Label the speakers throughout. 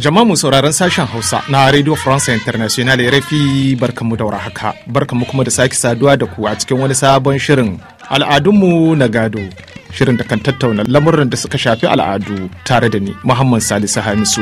Speaker 1: Jama'a mu sauraron sashen Hausa na Radio France International rafi barkanmu da haka barkanmu kuma da sake saduwa da ku a cikin wani sabon shirin al'adunmu na gado shirin da kan tattauna lamurran da suka shafi al'adu tare da ni Muhammad Salisu Hamisu.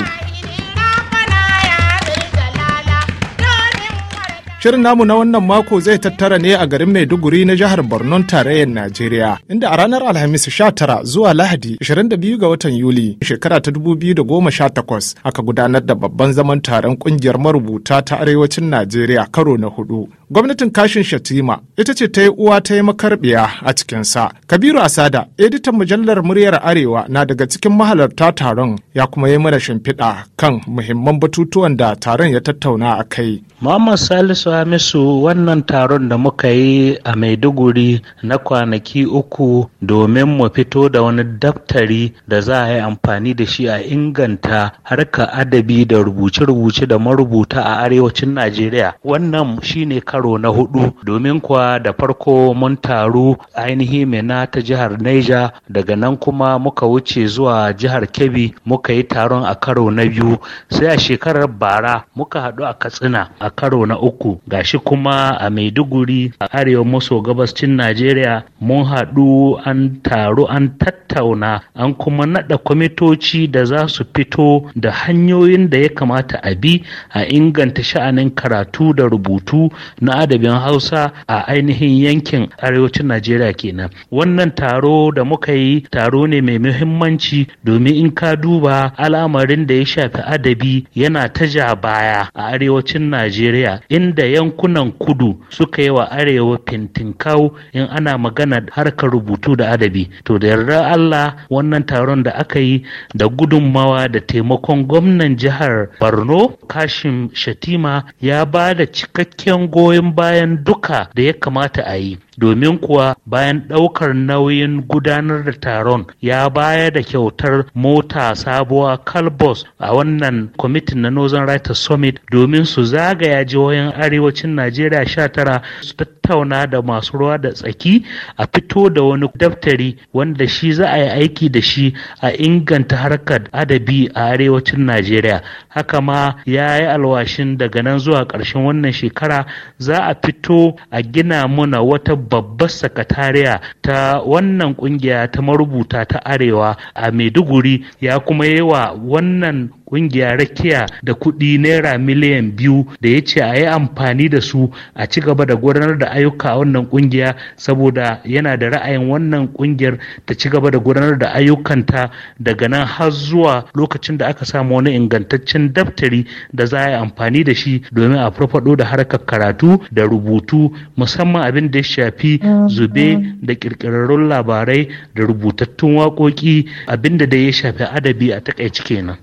Speaker 1: Shirin namu na wannan mako zai tattara ne a garin Maiduguri na jihar Borno tarayyar Najeriya, inda a ranar Alhamis 19 zuwa Lahadi 22 ga watan Yuli shekara ta 2018 aka gudanar da babban zaman taron kungiyar marubuta ta arewacin Najeriya karo na hudu, gwamnatin kashin shatima ita ce ta yi uwa ta yi makarbiya a cikinsa kabiru asada editan mujallar muryar arewa na daga cikin mahalarta taron ya kuma yi mana shimfiɗa kan muhimman batutuwan da taron ya tattauna a kai
Speaker 2: muhammad salisu hamisu wannan taron da muka yi a maiduguri na kwanaki uku domin mu fito da wani daftari da za a yi amfani da shi a inganta harkar adabi da rubuce-rubuce da marubuta a arewacin najeriya wannan shine ne karo na hudu domin kuwa da farko mun taru ainihi mena ta jihar Niger, daga nan kuma muka wuce zuwa jihar Kebbi muka yi taron a karo na biyu sai a shekarar bara muka haɗu a Katsina a karo na uku gashi kuma a Maiduguri a arewa maso gabascin Najeriya mun haɗu an taru an tattauna an kuma naɗa kwamitoci da za su fito da hanyoyin da ya kamata a bi a inganta sha'anin karatu da rubutu na na adabin hausa a ainihin yankin arewacin najeriya kenan wannan taro da muka yi taro ne mai muhimmanci domin in ka duba al'amarin da ya shafi adabi yana ta ja baya a arewacin najeriya inda yankunan kudu suka yi wa arewa fintinkau in ana magana harkar rubutu da adabi to da yarda allah wannan taron da aka yi da gudunmawa da taimakon gwamnan jihar borno kashim shatima ya ba da cikakken goyon goyon bayan duka da ya kamata a yi domin kuwa bayan ɗaukar nauyin gudanar da taron ya baya da kyautar mota sabuwa kalbos a wannan kwamitin na northern writers summit domin su zagaya jihohin arewacin najeriya sha tara, su tattauna da masu ruwa da tsaki a fito da wani daftari wanda shi za a yi aiki da shi a inganta harkar adabi a arewacin najeriya haka ma ya yi alwashin daga nan zuwa ƙarshen wannan shekara za a fito a gina muna wata babbar sakatariya ta wannan kungiya ta marubuta ta arewa a maiduguri ya kuma yi wa wannan kungiya rakiya da kuɗi naira miliyan biyu da ya ce a yi amfani da su a ci gaba da gudanar da ayyuka wannan kungiya saboda yana da ra'ayin wannan kungiyar ta ci gaba da gudanar da ayyukanta daga nan har zuwa lokacin da aka samu wani ingantaccen daftari da za a yi amfani da shi domin a farfado da harkar karatu da rubutu musamman abin da ya shafi zube da kirkirarrun labarai da rubutattun waƙoƙi abin da ya shafi adabi a takaice kenan.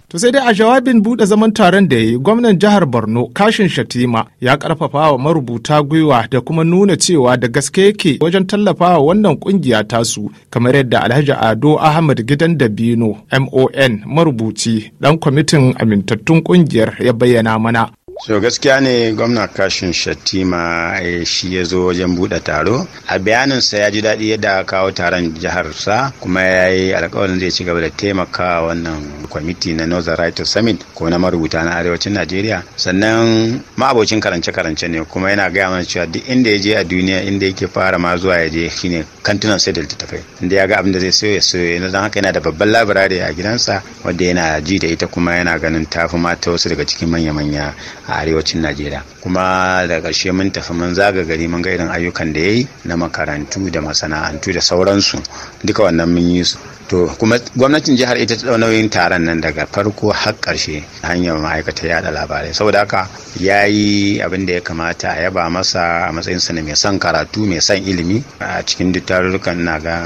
Speaker 1: jawabin bude zaman taron da ya yi gwamnan jihar Borno Kashin Shatima ya karfafa wa marubuta gwiwa da kuma nuna cewa da gaske yake wajen tallafa wa wannan kungiya tasu kamar yadda Alhaji Ado Ahmad Gidan Dabino MON marubuci dan kwamitin amintattun kungiyar ya bayyana mana.
Speaker 3: so gaskiya ne gwamna kashin shattima eh, shi ya zo wajen buɗe taro a bayaninsa ya ji daɗi yadda kawo taron jiharsa kuma ya yi alkawarin zai ci gaba da taimaka wannan kwamiti na northern right summit ko na marubuta na arewacin najeriya sannan ma'abocin karance-karance ne kuma yana gaya mana cewa duk inda ya je a duniya inda yake fara ma zuwa ya je shine kantunan sai da littattafai inda ya ga abin da zai sayo ya sayo. yanzu don haka yana da babban labirari a gidansa wanda yana ji da ita kuma yana ganin tafi mata wasu daga cikin manya-manya a arewacin najeriya kuma da karshe mun tafi mun zaga gari mun ga irin ayyukan da ya yi na makarantu da masana'antu da sauransu duka wannan mun yi su to kuma gwamnatin jihar ita ta nauyin taron nan daga farko har ƙarshe hanyar ma'aikata yada labarai saboda haka ya yi abin da ya kamata a yaba masa a matsayinsa na mai son karatu mai son ilimi a cikin duk na ga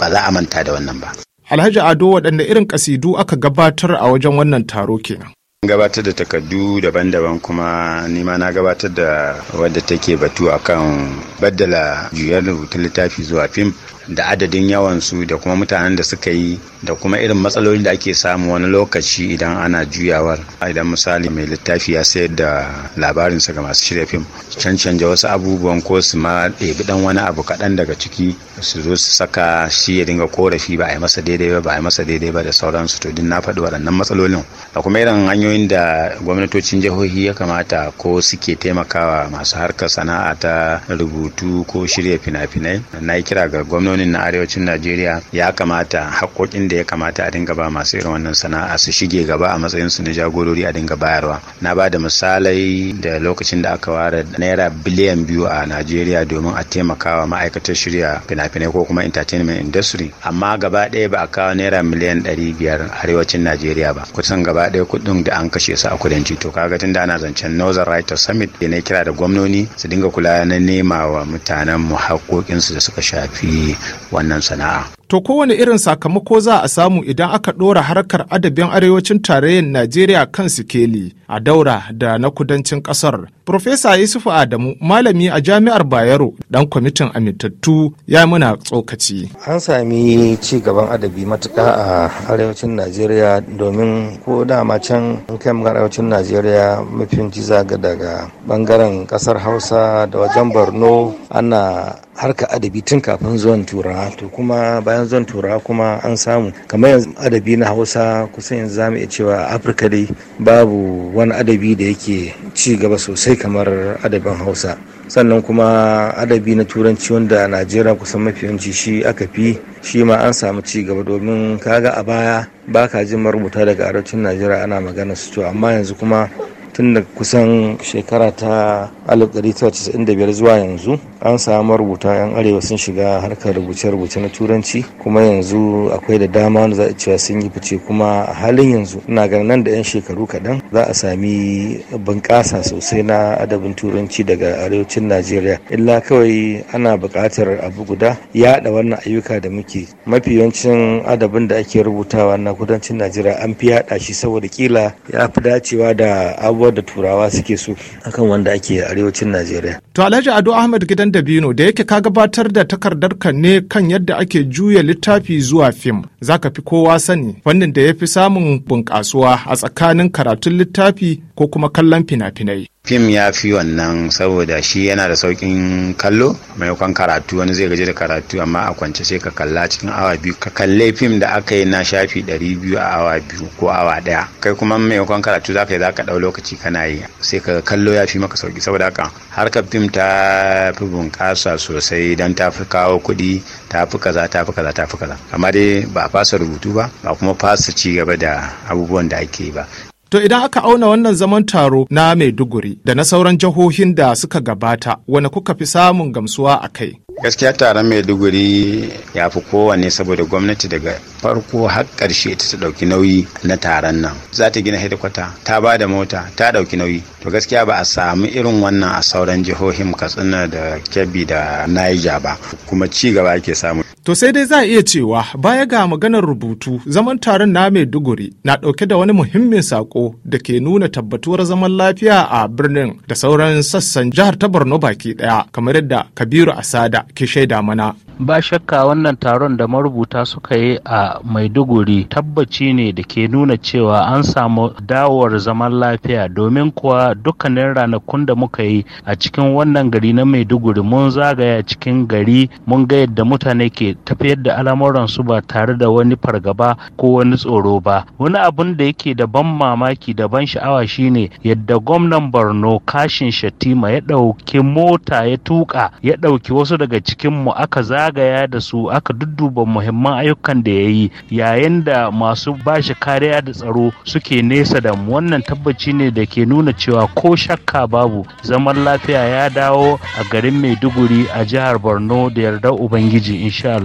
Speaker 3: ba za a manta da wannan ba
Speaker 1: Alhaji Ado waɗanda irin ƙasidu aka gabatar a wajen wannan taro kenan.
Speaker 3: gabatar da takardu daban-daban kuma nima na gabatar da wadda take batu a kan baddala juyar rubutun littafi zuwa fim da adadin su da kuma mutanen da suka yi da kuma irin matsaloli da ake samu wani lokaci idan ana juyawar idan misali mai littafi ya sayar da labarinsa ga masu shirya fim can canja wasu abubuwan ko su ma ɗebi dan wani abu kaɗan daga ciki su zo su saka shi ya dinga korafi ba a yi masa daidai ba ba a yi masa daidai ba da sauransu to din na faɗi waɗannan matsalolin da kuma irin hanyoyin hanyoyin da gwamnatocin jihohi ya kamata ko suke taimakawa masu harkar sana'a ta rubutu ko shirya fina-finai na yi kira ga gwamnonin na arewacin najeriya ya kamata haƙoƙin da ya kamata a dinga ba masu irin wannan sana'a su shige gaba a matsayin su na jagorori a dinga bayarwa na ba da misalai da lokacin da aka ware naira biliyan biyu a najeriya domin a taimakawa ma'aikatar shirya fina-finai ko kuma entertainment industry amma gaba ɗaya ba a kawo naira miliyan ɗari biyar arewacin najeriya ba kusan gaba ɗaya kuɗin da an kashe su a kudanci to kaga tun da ana zancen Northern Writers Summit ne kira da gwamnoni su dinga kula na nema wa mutanen mu haƙoƙinsu da suka shafi wannan sana'a
Speaker 1: To kowane irin sakamako za a samu idan aka ɗora harkar adabin arewacin tarayyar Najeriya kan sikeli a daura da na kudancin ƙasar. Profesa Yusuf Adamu, malami a jami'ar Bayero, ɗan kwamitin amintattu ya muna tsokaci.
Speaker 4: An sami ci gaban adabi matuƙa a arewacin Najeriya domin ko dama can kai arewacin Najeriya mafinci zaga daga ɓangaren ƙasar Hausa da wajen Borno ana harka adabi tun kafin zuwan turawa to kuma bayan zuwan turawa kuma an samu kamar yanzu adabi na hausa kusan yanzu zamu iya cewa afirka dai babu wani adabi da yake ci gaba sosai kamar adabin hausa sannan kuma adabi na turanci wanda najeriya kusan mafi yanci shi aka fi shi ma an samu ci gaba domin kaga a baya ba ka jin marubuta daga arewacin najeriya ana magana su to amma yanzu kuma tun da kusan shekara ta 1995 zuwa yanzu an samu marubuta 'yan arewa sun shiga harkar rubuce-rubuce na turanci kuma yanzu akwai da dama wanda za a cewa sun yi fice kuma a halin yanzu ina ganin nan da 'yan shekaru kaɗan za a sami bunƙasa sosai na adabin turanci daga arewacin najeriya illa kawai ana buƙatar abu guda yaɗa wannan ayyuka da muke mafi yawancin adabin da ake rubutawa na kudancin najeriya an fi yaɗa shi saboda kila ya fi dacewa da abubuwan da turawa suke so akan wanda ake arewacin najeriya
Speaker 1: to alhaji ado ahmed gidan dabino da yake ka gabatar da takardar ka ne kan yadda ake juya littafi zuwa fim zaka fi kowa sani wannan da ya fi samun bunƙasuwa a tsakanin karatun littafi ko kuma kallon fina-finai.
Speaker 3: Fim ya fi wannan saboda shi yana da sauƙin kallo maimakon karatu wani zai gaji da karatu amma a kwance sai ka kalla cikin awa biyu ka kalle fim da aka yi na shafi ɗari biyu a awa biyu ko awa ɗaya kai kuma maimakon karatu za ka yi za ka ɗau lokaci kana yi sai ka kallo ya fi maka sauƙi saboda haka harkar fim ta fi bunƙasa sosai don ta fi kawo kuɗi ta fi kaza ta fi kaza ta fi kaza amma dai ba a fasa rubutu ba ba kuma fasa ci gaba da abubuwan da ake yi ba
Speaker 1: To idan aka auna wannan zaman taro na Maiduguri da na sauran jihohin da suka gabata wani kuka fi samun gamsuwa a kai.
Speaker 3: Gaskiya taron Maiduguri ya fi kowane saboda gwamnati daga farko har karshe ta ta ɗauki nauyi na taron nan. Za ta gina hedikwata, ta ba da mota, ta ɗauki nauyi. To gaskiya ba a samu irin wannan a sauran jihohin Katsina da Kebbi da Niger ba, kuma ci gaba ake samu.
Speaker 1: To sai dai za a iya cewa baya ga maganar rubutu zaman taron na Maiduguri na ɗauke da wani muhimmin sako da ke nuna tabbatuwar zaman lafiya a birnin da sauran sassan jihar ta Borno baki ɗaya kamar yadda Kabiru Asada ke shaida mana.
Speaker 2: ba shakka wannan taron da marubuta suka yi a maiduguri tabbaci ne da ke nuna cewa an samu dawowar zaman lafiya domin kuwa dukkanin ranakun da muka yi a cikin wannan gari na maiduguri mun zagaya cikin gari mun ga yadda mutane ke tafiyar da al'amuransu ba tare da wani fargaba ko wani tsoro ba wani abun da yake da ban mamaki da ban sha'awa shine yadda gwamnan borno kashin shatima ya ɗauki mota ya tuka ya ɗauki wasu daga cikinmu aka zaga zagaya da su aka dudduba muhimman ayyukan da ya yi yayin da masu bashi kariya da tsaro suke nesa da wannan tabbaci ne da ke nuna cewa ko shakka babu zaman lafiya ya dawo a garin maiduguri a jihar borno da yarda ubangiji insha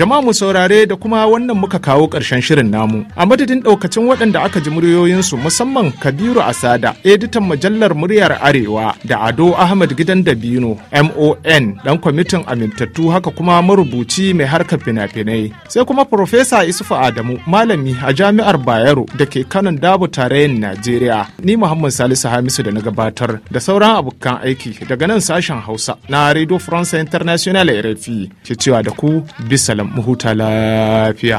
Speaker 2: Jama'a mu saurare
Speaker 1: da kuma wannan muka kawo ƙarshen shirin namu. A madadin ɗaukacin waɗanda aka ji muryoyinsu musamman Kabiru Asada, editan Majallar muryar Arewa da Ado Ahmad Gidan Dabino, MON, dan kwamitin amintattu haka kuma marubuci mai harkar fina-finai. Sai kuma Profesa Isufu Adamu, malami a Jami'ar Bayero da ke kanon Dabo Tarayyar Najeriya. Ni Muhammad Salisu Hamisu da na gabatar da sauran abokan aiki daga nan sashen Hausa na Radio France International RFI ke cewa da ku bisalam. mu lafiya